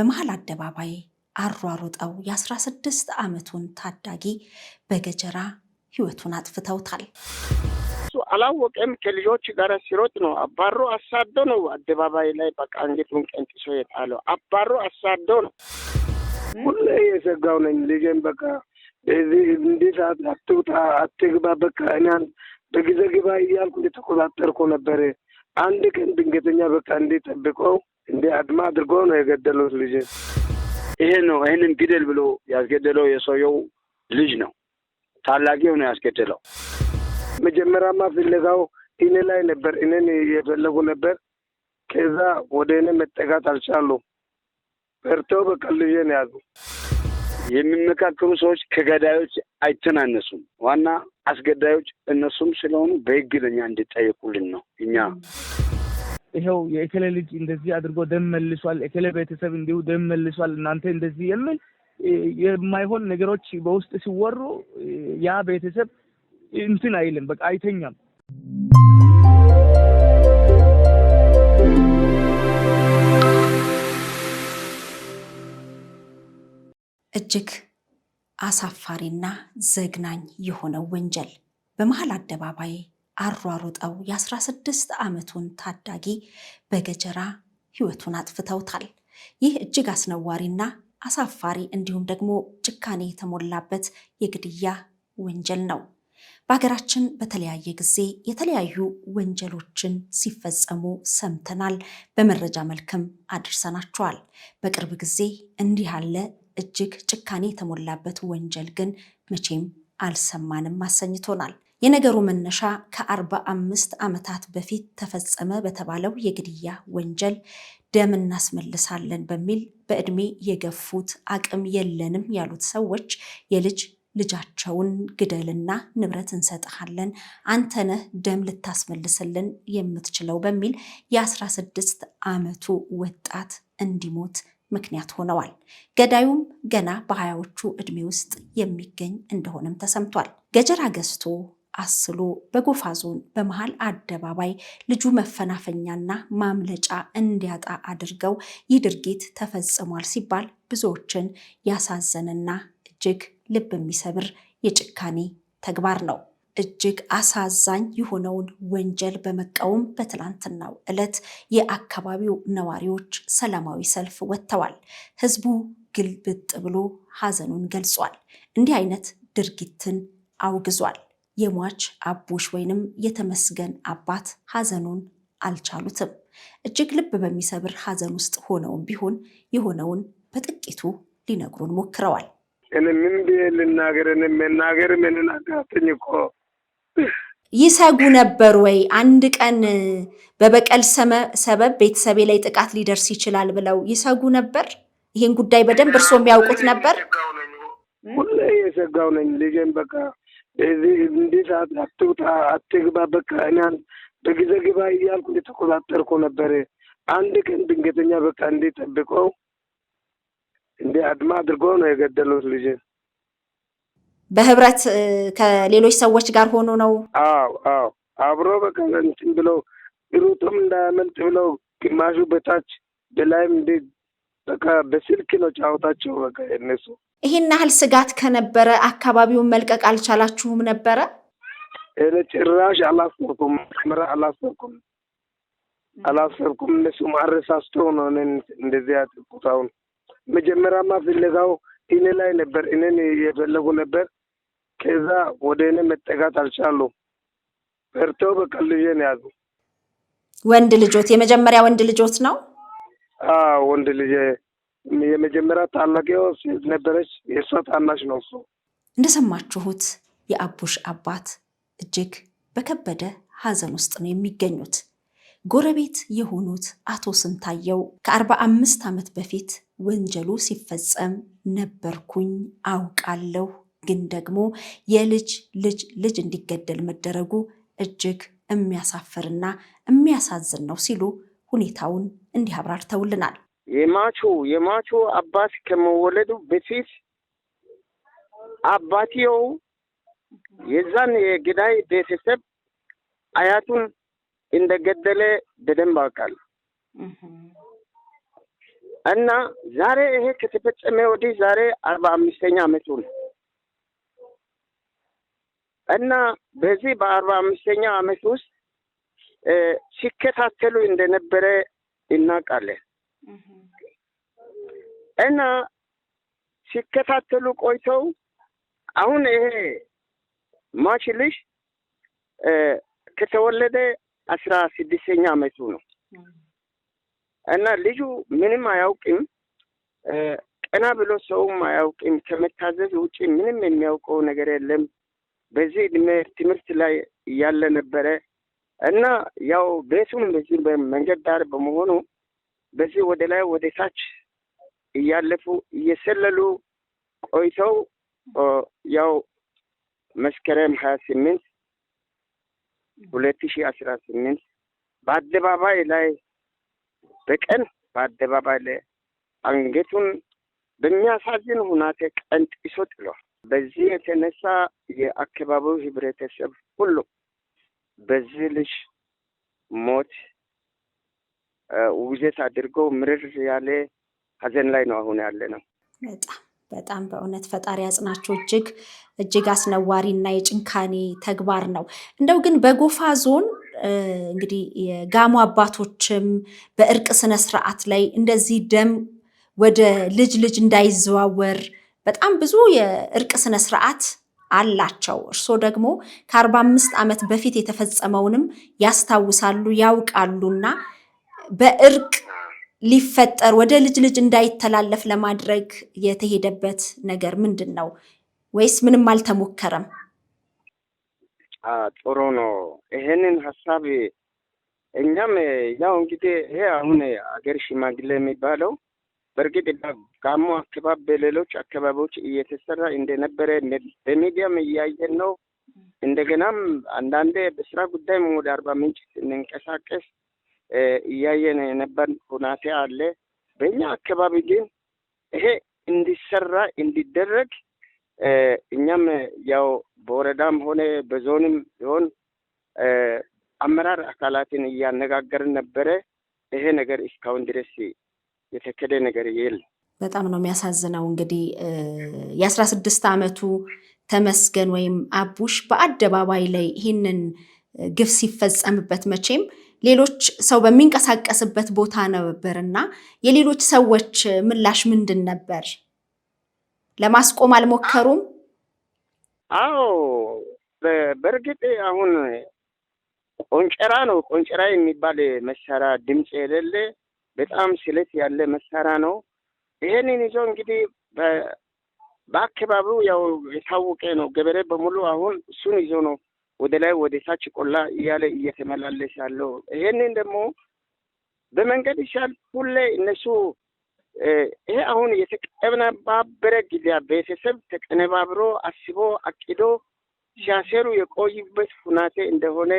በመሃል አደባባይ አሯሩጠው የ16 ዓመቱን ታዳጊ በገጀራ ህይወቱን አጥፍተውታል። አላወቀም። ከልጆች ጋር ሲሮጥ ነው አባሮ አሳዶ ነው አደባባይ ላይ በቃ አንገቱን ቀንጥሶ የጣለው አባሮ አሳዶ ነው። ሁሌ የሰጋው ነኝ ልጄን በቃ በዚህ እንዲት ሰዓት አትውጣ፣ አትግባ በቃ እኛን በጊዜ ግባ እያልኩ እንደተቆጣጠርኩ ነበር። አንድ ቀን ድንገተኛ በቃ እንዲጠብቀው እንደ አድማ አድርጎ ነው የገደሉት። ልጅ ይሄ ነው ይህንን ግደል ብሎ ያስገደለው የሰውየው ልጅ ነው። ታላቂው ነው ያስገደለው። መጀመሪያማ ፍለጋው እኔ ላይ ነበር። እኔን የፈለጉ ነበር። ከዛ ወደ እኔ መጠጋት አልቻሉ። በርተው በቀል ልጄን ያዙ። የሚመካከሉ ሰዎች ከገዳዮች አይተናነሱም። ዋና አስገዳዮች እነሱም ስለሆኑ በህግ ለኛ ነው እኛ ይኸው የእከሌ ልጅ እንደዚህ አድርጎ ደም መልሷል፣ እከሌ ቤተሰብ እንዲሁ ደም መልሷል፣ እናንተ እንደዚህ የሚል የማይሆን ነገሮች በውስጥ ሲወሩ ያ ቤተሰብ እንትን አይልም፣ በቃ አይተኛም። እጅግ አሳፋሪና ዘግናኝ የሆነው ወንጀል በመሀል አደባባይ አሯሩጠው የ16 ዓመቱን ታዳጊ በገጀራ ሕይወቱን አጥፍተውታል። ይህ እጅግ አስነዋሪና አሳፋሪ እንዲሁም ደግሞ ጭካኔ የተሞላበት የግድያ ወንጀል ነው። በሀገራችን በተለያየ ጊዜ የተለያዩ ወንጀሎችን ሲፈጸሙ ሰምተናል። በመረጃ መልክም አድርሰናቸዋል። በቅርብ ጊዜ እንዲህ ያለ እጅግ ጭካኔ የተሞላበት ወንጀል ግን መቼም አልሰማንም አሰኝቶናል። የነገሩ መነሻ ከአርባ አምስት ዓመታት በፊት ተፈጸመ በተባለው የግድያ ወንጀል ደም እናስመልሳለን በሚል በዕድሜ የገፉት አቅም የለንም ያሉት ሰዎች የልጅ ልጃቸውን ግደልና ንብረት እንሰጥሃለን አንተነህ ደም ልታስመልስልን የምትችለው በሚል የ16 ዓመቱ ወጣት እንዲሞት ምክንያት ሆነዋል። ገዳዩም ገና በሀያዎቹ ዕድሜ ውስጥ የሚገኝ እንደሆነም ተሰምቷል። ገጀራ ገዝቶ አስሎ በጎፋ ዞን በመሃል አደባባይ ልጁ መፈናፈኛና ማምለጫ እንዲያጣ አድርገው ይህ ድርጊት ተፈጽሟል ሲባል ብዙዎችን ያሳዘንና እጅግ ልብ የሚሰብር የጭካኔ ተግባር ነው። እጅግ አሳዛኝ የሆነውን ወንጀል በመቃወም በትላንትናው ዕለት የአካባቢው ነዋሪዎች ሰላማዊ ሰልፍ ወጥተዋል። ህዝቡ ግልብጥ ብሎ ሀዘኑን ገልጿል። እንዲህ አይነት ድርጊትን አውግዟል። የሟች አቦሽ ወይንም የተመስገን አባት ሐዘኑን አልቻሉትም። እጅግ ልብ በሚሰብር ሐዘን ውስጥ ሆነውም ቢሆን የሆነውን በጥቂቱ ሊነግሩን ሞክረዋል። እኔ ምን ብዬ ልናገር? እኔ መናገር ምን አቃተኝ እኮ። ይሰጉ ነበር ወይ አንድ ቀን በበቀል ሰበብ ቤተሰቤ ላይ ጥቃት ሊደርስ ይችላል ብለው ይሰጉ ነበር? ይሄን ጉዳይ በደንብ እርስዎ የሚያውቁት ነበር? ሁሌ የሰጋው ነኝ ልጄን በቃ እዚህ አትውጣ፣ አትግባ፣ በቃ እኔን በጊዜ ግባ እያልኩ የተቆጣጠርኩ ነበር። አንድ ቀን ድንገተኛ በቃ እንዴ ጠብቀው እንዲህ አድማ አድርጎ ነው የገደሉት ልጅ በህብረት ከሌሎች ሰዎች ጋር ሆኖ ነው። አዎ አዎ፣ አብሮ በቃ እንትን ብለው ሩጡም እንዳያመልጥ ብለው ግማሹ በታች በላይም እንዴ በቃ በስልክ ነው ጫወታቸው በቃ የነሱ ይሄን ያህል ስጋት ከነበረ አካባቢውን መልቀቅ አልቻላችሁም ነበረ? ጭራሽ አላሰብኩም። ምራ አላሰብኩም አላሰብኩም። እነሱም አረሳስተው ነው እኔን እንደዚህ ያጠቁት። አሁን መጀመሪያማ ፍለጋው እኔ ላይ ነበር፣ እኔን የፈለጉ ነበር። ከዛ ወደ እኔ መጠጋት አልቻሉ፣ ፈርተው በቃ ልጄን ያዙ። ወንድ ልጆት የመጀመሪያ ወንድ ልጆት ነው? አዎ ወንድ ልጄ የመጀመሪያ ታላቅ ሴት ነበረች። የእሷ ታናሽ ነው እሱ። እንደሰማችሁት የአቡሽ አባት እጅግ በከበደ ሐዘን ውስጥ ነው የሚገኙት። ጎረቤት የሆኑት አቶ ስንታየው ከአርባ አምስት ዓመት በፊት ወንጀሉ ሲፈጸም ነበርኩኝ አውቃለሁ፣ ግን ደግሞ የልጅ ልጅ ልጅ እንዲገደል መደረጉ እጅግ የሚያሳፍርና የሚያሳዝን ነው ሲሉ ሁኔታውን እንዲህ አብራርተውልናል። የማቹ የማቹ አባት ከመወለዱ በፊት አባትየው የዛን የገዳይ ቤተሰብ አያቱን እንደገደለ በደንብ አውቃለሁ እና ዛሬ ይሄ ከተፈጸመ ወዲህ ዛሬ አርባ አምስተኛ አመቱ ነው እና በዚህ በአርባ አምስተኛ አመት ውስጥ ሲከታተሉ እንደነበረ እናውቃለን። እና ሲከታተሉ ቆይተው አሁን ይሄ ሟች ልጅ ከተወለደ አስራ ስድስተኛ አመቱ ነው እና ልጁ ምንም አያውቅም። ቀና ብሎ ሰውም አያውቅም። ከመታዘዝ ውጭ ምንም የሚያውቀው ነገር የለም። በዚህ እድሜ ትምህርት ላይ እያለ ነበረ እና ያው ቤቱም በዚህ መንገድ ዳር በመሆኑ በዚህ ወደ ላይ ወደ ታች እያለፉ እየሰለሉ ቆይተው ያው መስከረም ሀያ ስምንት ሁለት ሺህ አስራ ስምንት በአደባባይ ላይ በቀን በአደባባይ ላይ አንገቱን በሚያሳዝን ሁናቴ ቀንጥሶ ጥሏል። በዚህ የተነሳ የአካባቢው ህብረተሰብ ሁሉ በዚህ ልጅ ሞት ውግዘት አድርገው ምርር ያለ ሀዘን ላይ ነው አሁን ያለ ነው። በጣም በእውነት ፈጣሪ ያጽናቸው። እጅግ እጅግ አስነዋሪ እና የጭንካኔ ተግባር ነው። እንደው ግን በጎፋ ዞን እንግዲህ የጋሞ አባቶችም በእርቅ ስነ ስርዓት ላይ እንደዚህ ደም ወደ ልጅ ልጅ እንዳይዘዋወር በጣም ብዙ የእርቅ ስነ ስርዓት አላቸው። እርስዎ ደግሞ ከአርባ አምስት ዓመት በፊት የተፈጸመውንም ያስታውሳሉ ያውቃሉና በእርቅ ሊፈጠር ወደ ልጅ ልጅ እንዳይተላለፍ ለማድረግ የተሄደበት ነገር ምንድን ነው? ወይስ ምንም አልተሞከረም? ጥሩ ነው። ይሄንን ሀሳብ እኛም ያው እንግዲህ ይሄ አሁን አገር ሽማግሌ የሚባለው በእርግጥ ጋሞ አካባቢ በሌሎች አካባቢዎች እየተሰራ እንደነበረ በሚዲያም እያየን ነው። እንደገናም አንዳንዴ በስራ ጉዳይ ወደ አርባ ምንጭ ስንንቀሳቀስ እያየን የነበር ሁናቴ አለ። በእኛ አካባቢ ግን ይሄ እንዲሰራ እንዲደረግ እኛም ያው በወረዳም ሆነ በዞንም ቢሆን አመራር አካላትን እያነጋገርን ነበረ። ይሄ ነገር እስካሁን ድረስ የተከደ ነገር የለ። በጣም ነው የሚያሳዝነው። እንግዲህ የአስራ ስድስት ዓመቱ ተመስገን ወይም አቡሽ በአደባባይ ላይ ይህንን ግፍ ሲፈጸምበት መቼም ሌሎች ሰው በሚንቀሳቀስበት ቦታ ነበር እና የሌሎች ሰዎች ምላሽ ምንድን ነበር? ለማስቆም አልሞከሩም? አዎ በእርግጥ አሁን ቆንጨራ ነው። ቆንጨራ የሚባል መሳሪያ ድምፅ የሌለ በጣም ስለት ያለ መሳሪያ ነው። ይሄንን ይዞ እንግዲህ በአካባቢው ያው የታወቀ ነው። ገበሬ በሙሉ አሁን እሱን ይዞ ነው ወደ ላይ ወደ ታች ቆላ እያለ እየተመላለስ ያለው ይሄንን ደግሞ በመንገድ ይሻል ሁሌ እነሱ ይሄ አሁን የተቀነባበረ ጊዜ ቤተሰብ ተቀነባብሮ አስቦ አቅዶ ሲያሰሩ የቆዩበት ሁናቴ እንደሆነ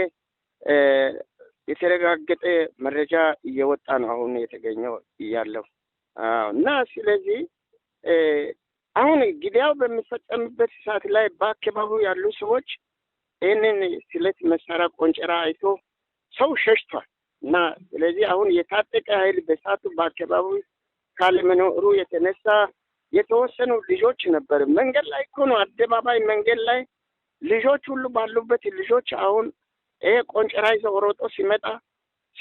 የተረጋገጠ መረጃ እየወጣ ነው አሁን የተገኘው እያለው እና ስለዚህ አሁን ጊዜያው በሚፈጸምበት ሰዓት ላይ በአካባቢው ያሉ ሰዎች ይህንን ስለት መሳሪያ ቆንጨራ አይቶ ሰው ሸሽቷል እና ስለዚህ አሁን የታጠቀ ኃይል በሳቱ በአካባቢ ካለመኖሩ የተነሳ የተወሰኑ ልጆች ነበር መንገድ ላይ እኮ ነው አደባባይ መንገድ ላይ ልጆች ሁሉ ባሉበት ልጆች አሁን ይሄ ቆንጨራ ይዘው ሮጦ ሲመጣ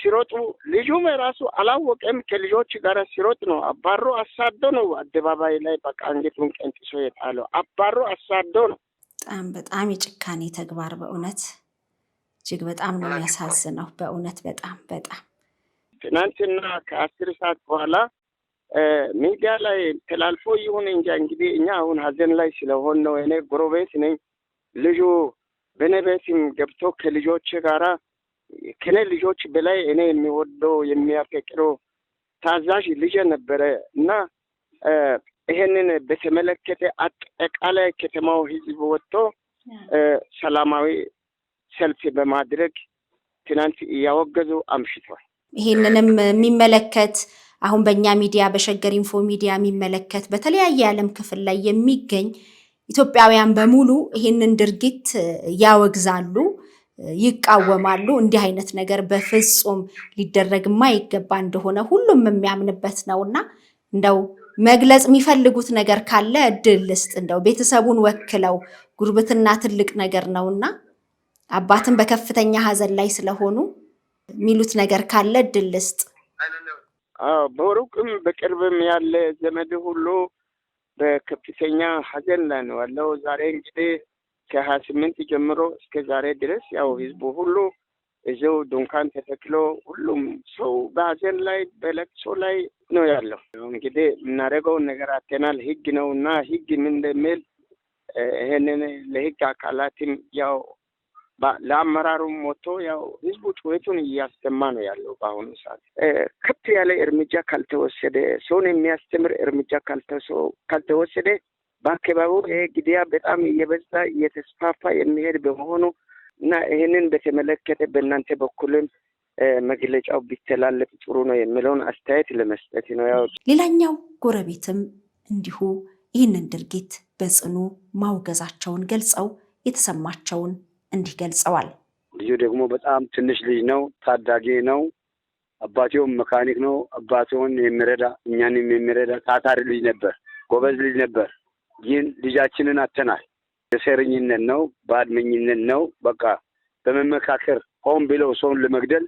ሲሮጡ ልጁም ራሱ አላወቀም። ከልጆች ጋር ሲሮጥ ነው አባሮ አሳዶ ነው አደባባይ ላይ በቃ አንገቱን ቀንጥሶ የጣለው አባሮ አሳዶ ነው። በጣም በጣም የጭካኔ ተግባር በእውነት እጅግ በጣም ነው የሚያሳዝነው። በእውነት በጣም በጣም ትናንትና ከአስር ሰዓት በኋላ ሚዲያ ላይ ተላልፎ ይሁን እንጃ እንግዲህ እኛ አሁን ሀዘን ላይ ስለሆን ነው። እኔ ጎረቤት ነኝ። ልጁ በእኔ ቤትም ገብቶ ከልጆች ጋራ ከእኔ ልጆች በላይ እኔ የሚወደው የሚያፈቅረው ታዛዥ ልጄ ነበረ እና ይሄንን በተመለከተ አጠቃላይ ከተማው ህዝብ ወጥቶ ሰላማዊ ሰልፍ በማድረግ ትናንት እያወገዙ አምሽቷል። ይህንንም የሚመለከት አሁን በእኛ ሚዲያ በሸገር ኢንፎ ሚዲያ የሚመለከት በተለያየ ዓለም ክፍል ላይ የሚገኝ ኢትዮጵያውያን በሙሉ ይህንን ድርጊት ያወግዛሉ፣ ይቃወማሉ። እንዲህ አይነት ነገር በፍጹም ሊደረግ የማይገባ እንደሆነ ሁሉም የሚያምንበት ነውና እንደው መግለጽ የሚፈልጉት ነገር ካለ እድል ልስጥ። እንደው ቤተሰቡን ወክለው ጉርብትና ትልቅ ነገር ነውና አባትን በከፍተኛ ሀዘን ላይ ስለሆኑ የሚሉት ነገር ካለ እድል ልስጥ። በሩቅም በቅርብም ያለ ዘመድ ሁሉ በከፍተኛ ሀዘን ላይ ነው ያለው። ዛሬ እንግዲህ ከሀያ ስምንት ጀምሮ እስከ ዛሬ ድረስ ያው ህዝቡ ሁሉ እዚው ድንኳን ተተክሎ ሁሉም ሰው በሀዘን ላይ በለቅሶ ላይ ነው ያለው። እንግዲህ የምናደርገውን ነገር አተናል። ህግ ነው እና ህግ ምን እንደሚል ይህንን ለህግ አካላትም ያው ለአመራሩም ሞቶ ያው ህዝቡ ጩኸቱን እያሰማ ነው ያለው። በአሁኑ ሰዓት ከፍ ያለ እርምጃ ካልተወሰደ፣ ሰውን የሚያስተምር እርምጃ ካልተወሰደ በአካባቢው ይሄ ግድያ በጣም እየበዛ እየተስፋፋ የሚሄድ በመሆኑ እና ይህንን በተመለከተ በእናንተ በኩልም መግለጫው ቢተላለፍ ጥሩ ነው የሚለውን አስተያየት ለመስጠት ነው። ያው ሌላኛው ጎረቤትም እንዲሁ ይህንን ድርጊት በጽኑ ማውገዛቸውን ገልጸው የተሰማቸውን እንዲህ ገልጸዋል። ልጁ ደግሞ በጣም ትንሽ ልጅ ነው፣ ታዳጊ ነው። አባቴውም መካኒክ ነው። አባቴውን የሚረዳ እኛንም የሚረዳ ታታሪ ልጅ ነበር፣ ጎበዝ ልጅ ነበር። ግን ልጃችንን አተናል። የሴረኝነት ነው፣ በአድመኝነት ነው። በቃ በመመካከር ሆን ብለው ሰውን ለመግደል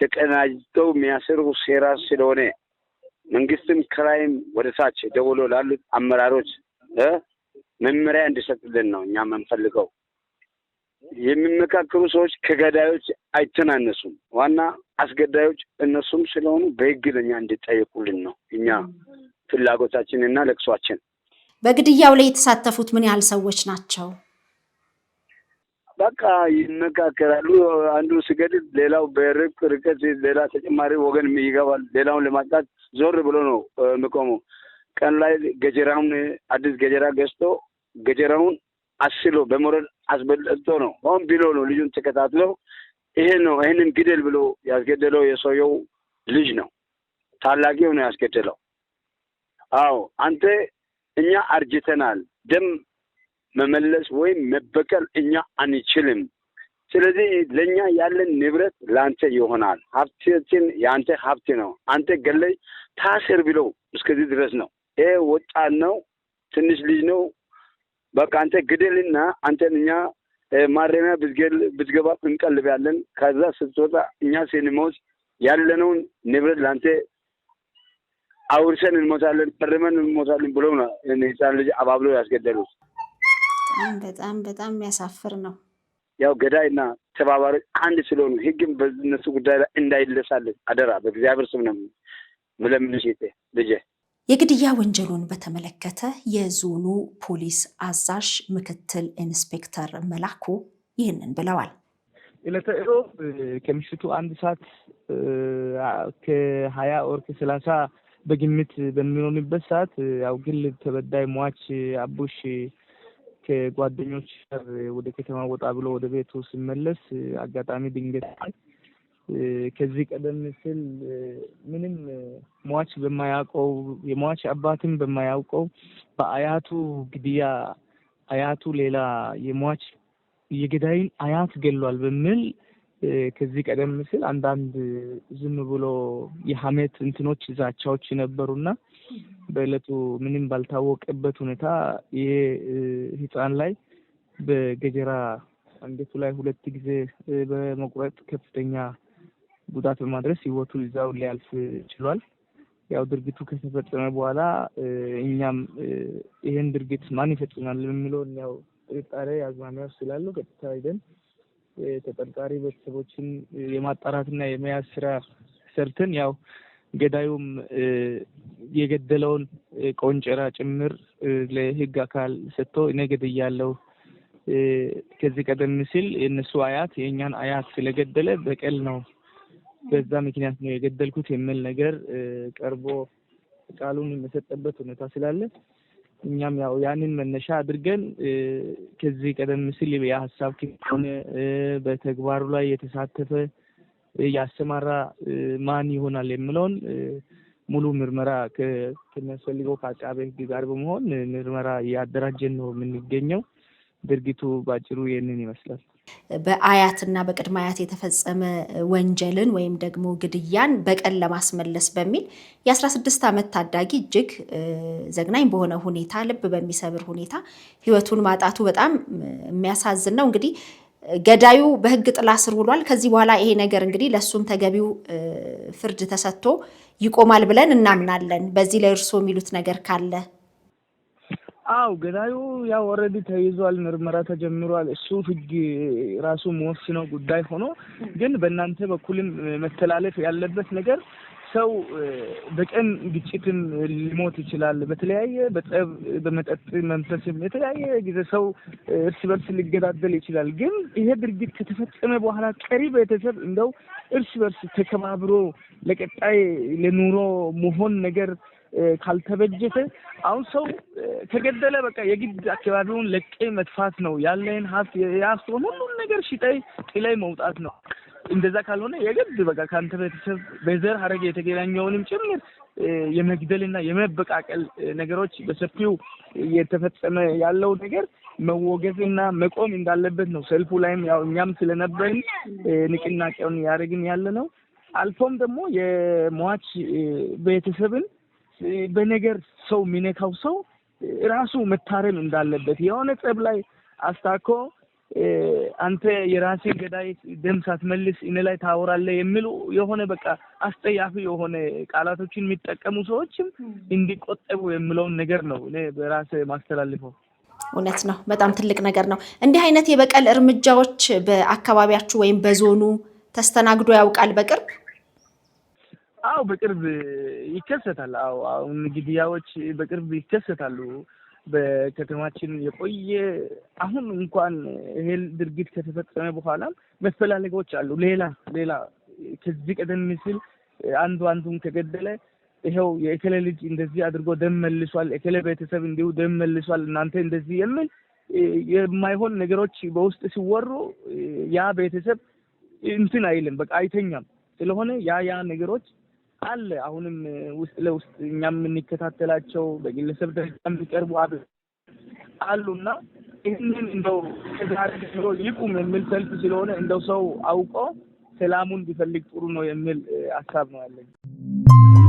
ተቀናጅተው የሚያስሩ ሴራ ስለሆነ መንግስትም ከላይም ወደ ታች ደውሎ ላሉት አመራሮች መመሪያ እንዲሰጥልን ነው እኛ የምንፈልገው። የሚመካከሩ ሰዎች ከገዳዮች አይተናነሱም። ዋና አስገዳዮች እነሱም ስለሆኑ በህግ ለእኛ እንዲጠየቁልን ነው እኛ ፍላጎታችንና ለቅሷችን። በግድያው ላይ የተሳተፉት ምን ያህል ሰዎች ናቸው? በቃ ይነጋገራሉ። አንዱ ሲገድል ሌላው በርቅ ርቀት ሌላ ተጨማሪ ወገን ይገባል። ሌላውን ለማጣት ዞር ብሎ ነው የሚቆመው። ቀን ላይ ገጀራውን አዲስ ገጀራ ገዝቶ ገጀራውን አስሎ በመረድ አስበልጦ ነው ሆን ቢሎ ነው ልጁን ተከታትሎ ይሄ ነው ይህንን ግደል ብሎ ያስገደለው የሰውየው ልጅ ነው። ታላቂው ነው ያስገደለው። አዎ አንተ እኛ አርጅተናል። ደም መመለስ ወይም መበቀል እኛ አንችልም። ስለዚህ ለእኛ ያለን ንብረት ለአንተ ይሆናል። ሀብትችን የአንተ ሀብት ነው። አንተ ገለይ ታስር ብለው እስከዚህ ድረስ ነው። ይሄ ወጣት ነው፣ ትንሽ ልጅ ነው። በቃ አንተ ግደልና አንተን እኛ ማረሚያ ብትገባ ያለን ከዛ ስትወጣ እኛ ሲኒማውስ ያለነውን ንብረት ለአንተ አውርሰን እንሞታለን፣ ፈርመን እንሞታለን ብሎ ህፃን ልጅ አባብሎ ያስገደሉት በጣም በጣም የሚያሳፍር ነው። ያው ገዳይ እና ተባባሪ አንድ ስለሆኑ ህግም በነሱ ጉዳይ ላይ እንዳይለሳለን አደራ በእግዚአብሔር ስም ነው ምለምን ምለምንሽ ልጄ። የግድያ ወንጀሉን በተመለከተ የዞኑ ፖሊስ አዛዥ ምክትል ኢንስፔክተር መላኩ ይህንን ብለዋል። ዕለተ ሮብ ከምሽቱ አንድ ሰዓት ከሀያ ወር ከሰላሳ በግምት በሚሆንበት ሰዓት ያው ግል ተበዳይ ሟች አቡሽ ከጓደኞች ጋር ወደ ከተማ ወጣ ብሎ ወደ ቤቱ ሲመለስ አጋጣሚ ድንገት ከዚህ ቀደም ሲል ምንም ሟች በማያውቀው የሟች አባትም በማያውቀው በአያቱ ግድያ አያቱ ሌላ የሟች የገዳይን አያት ገሏል በሚል ከዚህ ቀደም ሲል አንዳንድ ዝም ብሎ የሀሜት እንትኖች ዛቻዎች ነበሩና በእለቱ ምንም ባልታወቀበት ሁኔታ ይሄ ህፃን ላይ በገጀራ አንገቱ ላይ ሁለት ጊዜ በመቁረጥ ከፍተኛ ጉዳት በማድረስ ህይወቱ እዛው ሊያልፍ ችሏል። ያው ድርጊቱ ከተፈጸመ በኋላ እኛም ይህን ድርጊት ማን ይፈጽማል የሚለውን ያው ጥርጣሬ አዝማሚያ ስላለው ቀጥታ ሄደን ተጠርጣሪ ቤተሰቦችን የማጣራትና የመያዝ ስራ ሰርተን ያው ገዳዩም የገደለውን ቆንጨራ ጭምር ለህግ አካል ሰጥቶ እኔ ገድያለሁ፣ ከዚህ ቀደም ሲል የእነሱ አያት የእኛን አያት ስለገደለ በቀል ነው፣ በዛ ምክንያት ነው የገደልኩት የሚል ነገር ቀርቦ ቃሉን የመሰጠበት ሁኔታ ስላለ እኛም ያው ያንን መነሻ አድርገን ከዚህ ቀደም ሲል የሀሳብ ሆነ በተግባሩ ላይ የተሳተፈ ያሰማራ ማን ይሆናል የምለውን ሙሉ ምርመራ ከሚያስፈልገው ከአቃቤ ሕግ ጋር በመሆን ምርመራ እያደራጀን ነው የምንገኘው። ድርጊቱ ባጭሩ ይህንን ይመስላል። በአያትና በቅድመ አያት የተፈጸመ ወንጀልን ወይም ደግሞ ግድያን በቀን ለማስመለስ በሚል የ16 ዓመት ታዳጊ እጅግ ዘግናኝ በሆነ ሁኔታ ልብ በሚሰብር ሁኔታ ህይወቱን ማጣቱ በጣም የሚያሳዝን ነው። እንግዲህ ገዳዩ በህግ ጥላ ስር ውሏል። ከዚህ በኋላ ይሄ ነገር እንግዲህ ለእሱም ተገቢው ፍርድ ተሰጥቶ ይቆማል ብለን እናምናለን። በዚህ ላይ እርስዎ የሚሉት ነገር ካለ አው ገዳዩ ያው ኦልሬዲ ተይዟል፣ ምርመራ ተጀምሯል። እሱ ህግ ራሱ መወስነው ጉዳይ ሆኖ ግን በእናንተ በኩልም መተላለፍ ያለበት ነገር ሰው በቀን ግጭትም ሊሞት ይችላል። በተለያየ በጠብ በመጠጥ መንፈስም የተለያየ ጊዜ ሰው እርስ በርስ ሊገዳደል ይችላል። ግን ይሄ ድርጊት ከተፈጸመ በኋላ ቀሪ ቤተሰብ እንደው እርስ በርስ ተከባብሮ ለቀጣይ ለኑሮ መሆን ነገር ካልተበጀተ አሁን ሰው ተገደለ፣ በቃ የግድ አካባቢውን ለቄ መጥፋት ነው። ያለህን ሀብት የያዝከውን ሁሉን ነገር ሽጠይ ጥለይ መውጣት ነው። እንደዛ ካልሆነ የግድ በቃ ከአንተ ቤተሰብ በዘር ሀረግ የተገናኘውንም ጭምር የመግደልና የመበቃቀል ነገሮች በሰፊው እየተፈጸመ ያለው ነገር መወገዝና መቆም እንዳለበት ነው። ሰልፉ ላይም ያው እኛም ስለነበርን ንቅናቄውን ያደረግን ያለ ነው። አልፎም ደግሞ የሟች ቤተሰብን በነገር ሰው የሚነካው ሰው ራሱ መታረም እንዳለበት የሆነ ጸብ ላይ አስታኮ አንተ የራሴ ገዳይ ደም ሳትመልስ እኔ ላይ ታወራለህ የሚሉ የሆነ በቃ አስጠያፊ የሆነ ቃላቶችን የሚጠቀሙ ሰዎችም እንዲቆጠቡ የምለውን ነገር ነው እኔ በራሴ ማስተላልፈው። እውነት ነው። በጣም ትልቅ ነገር ነው። እንዲህ አይነት የበቀል እርምጃዎች በአካባቢያችሁ ወይም በዞኑ ተስተናግዶ ያውቃል በቅርብ? አዎ በቅርብ ይከሰታል። አዎ አሁን ግድያዎች በቅርብ ይከሰታሉ በከተማችን የቆየ አሁን እንኳን ይሄ ድርጊት ከተፈጸመ በኋላ መፈላለጎች አሉ። ሌላ ሌላ ከዚህ ቀደም ሲል አንዱ አንዱን ከገደለ ይኸው የእከሌ ልጅ እንደዚህ አድርጎ ደም መልሷል፣ የእከሌ ቤተሰብ እንዲሁ ደም መልሷል፣ እናንተ እንደዚህ የሚል የማይሆን ነገሮች በውስጥ ሲወሩ ያ ቤተሰብ እንትን አይልም፣ በቃ አይተኛም። ስለሆነ ያ ያ ነገሮች አለ። አሁንም ውስጥ ለውስጥ እኛም የምንከታተላቸው በግለሰብ ደረጃ የሚቀርቡ አሉና ይህንን እንደው ከዛሬ ጀምሮ ይቁም የሚል ሰልፍ ስለሆነ እንደው ሰው አውቆ ሰላሙን ቢፈልግ ጥሩ ነው የሚል ሀሳብ ነው ያለኝ።